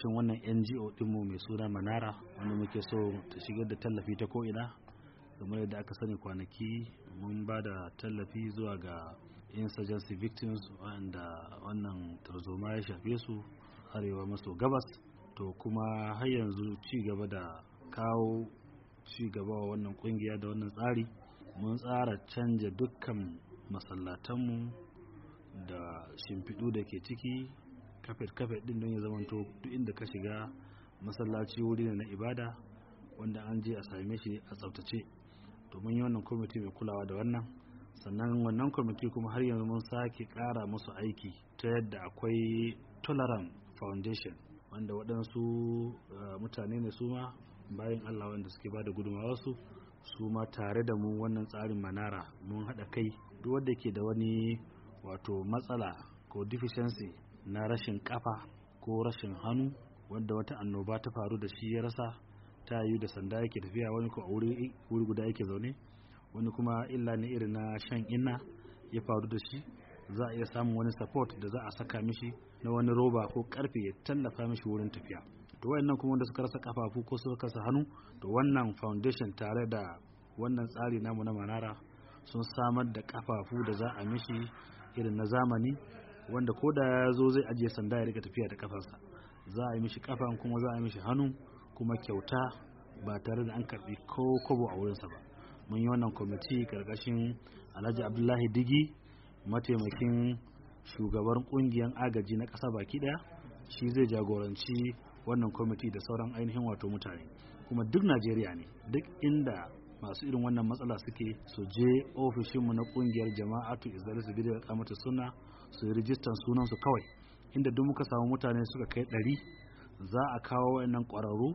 ƙarshen wannan ngo ɗinmu mai suna manara wanda muke so ta shigar da tallafi ta ko'ina kamar yadda aka sani kwanaki mun ba da tallafi zuwa ga insurgency victims wanda wannan tarzoma ya shafe su arewa maso gabas to kuma har yanzu ci gaba da kawo ci gaba wa wannan kungiya da wannan tsari mun tsara canja dukkan masallatanmu da shimfiɗu da ke ciki kafet kafet din don ya zamanto duk inda ka shiga masallaci wuri ne na ibada wanda an je a same shi a tsaftace domin yi wannan kwamiti mai kulawa da wannan sannan wannan kwamiti kuma har yanzu mun sake kara musu aiki ta yadda akwai tolerant foundation wanda waɗansu eh, mutane ne su ma bayan allah wanda suke ba da gudunmawa su su ma tare da mu wannan tsarin manara mun haɗa kai duk wanda ke da wani wato matsala ko deficiency na rashin kafa ko rashin hannu wanda wata annoba ta faru da shi ya rasa ta yi da sanda yake tafiya wani ko wuri guda yake zaune wani kuma illa ne irin na shan inna ya faru da shi za a iya samun wani support da za a saka mishi na wani roba ko karfe ya tallafa mishi wurin tafiya to wayannan kuma wanda suka rasa kafafu ko suka rasa hannu to wannan foundation tare da wannan tsari namu na manara sun samar da kafafu da za a mishi irin na zamani wanda ko da ya zo zai ajiye sanda ya rika tafiya da kafarsa za a yi mishi kafan kuma za a yi mishi hannu kuma kyauta ba tare da an karbi ko kobo a wurinsa ba mun yi wannan kwamiti karkashin alhaji abdullahi digi mataimakin shugaban kungiyar agaji na kasa baki ɗaya shi zai jagoranci wannan kwamiti da sauran ainihin wato mutane kuma duk najeriya ne duk inda masu irin wannan matsala suke su je ofishinmu na kungiyar jama'atu izalisu bidiyar kamata suna su yi rijistan sunansu kawai inda duk muka samu mutane suka kai ɗari za a kawo wayannan ƙwararru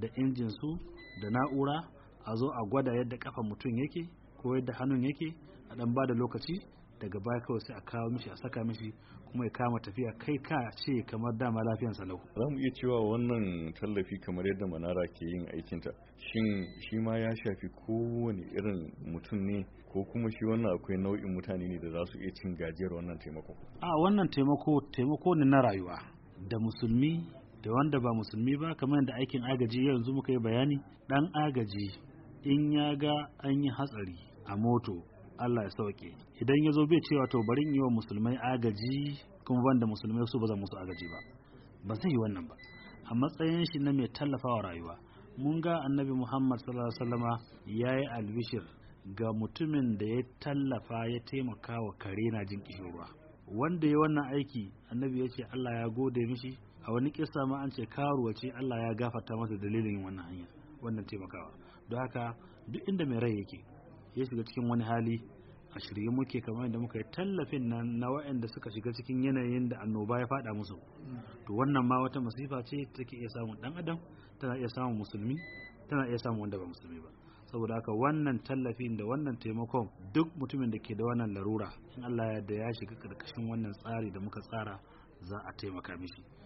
da injinsu da na'ura a zo a gwada yadda ƙafa mutum yake ko yadda hannun yake a ɗan ba da lokaci daga baya kawai sai a kawo mishi a saka mishi kuma ya kama tafiya kai ka ce kamar dama lafiyan lau za mu iya cewa wannan tallafi kamar yadda manara ke yin aikinta shin shi ma ya shafi kowane irin mutum ne ko kuma shi wannan akwai nau'in mutane ne da za su iya cin gajiyar wannan taimako a wannan taimako taimako ne na rayuwa da musulmi da wanda ba musulmi ba kamar yadda aikin agaji yanzu muka yi bayani dan agaji in ya ga an yi hatsari a moto Allah ya sauke idan ya zo bai cewa to bari in yi wa musulmai agaji kuma banda musulmai su ba zan musu agaji ba ba zai yi wannan ba a matsayin shi na mai tallafawa rayuwa mun ga annabi Muhammad sallallahu alaihi wasallama yayi albishir ga mutumin da ya tallafa ya taimaka wa kare na jin ruwa wanda ya wannan aiki annabi ya ce Allah ya gode mishi a wani kisa ma an ce karuwa ce Allah ya gafarta masa dalilin wannan hanya wannan taimakawa don haka duk inda mai rai yake ya shiga cikin wani hali a shirye muke kamar yadda muka yi tallafin nan na wa'anda suka shiga cikin yanayin da annoba ya faɗa musu to wannan ma wata masifa ce take iya samun ɗan adam tana iya samun musulmi tana iya samun wanda ba musulmi ba saboda haka wannan tallafin da wannan taimakon duk mutumin da ke da wannan larura in Allah ya da ya shiga karkashin wannan tsari da muka tsara za a taimaka mishi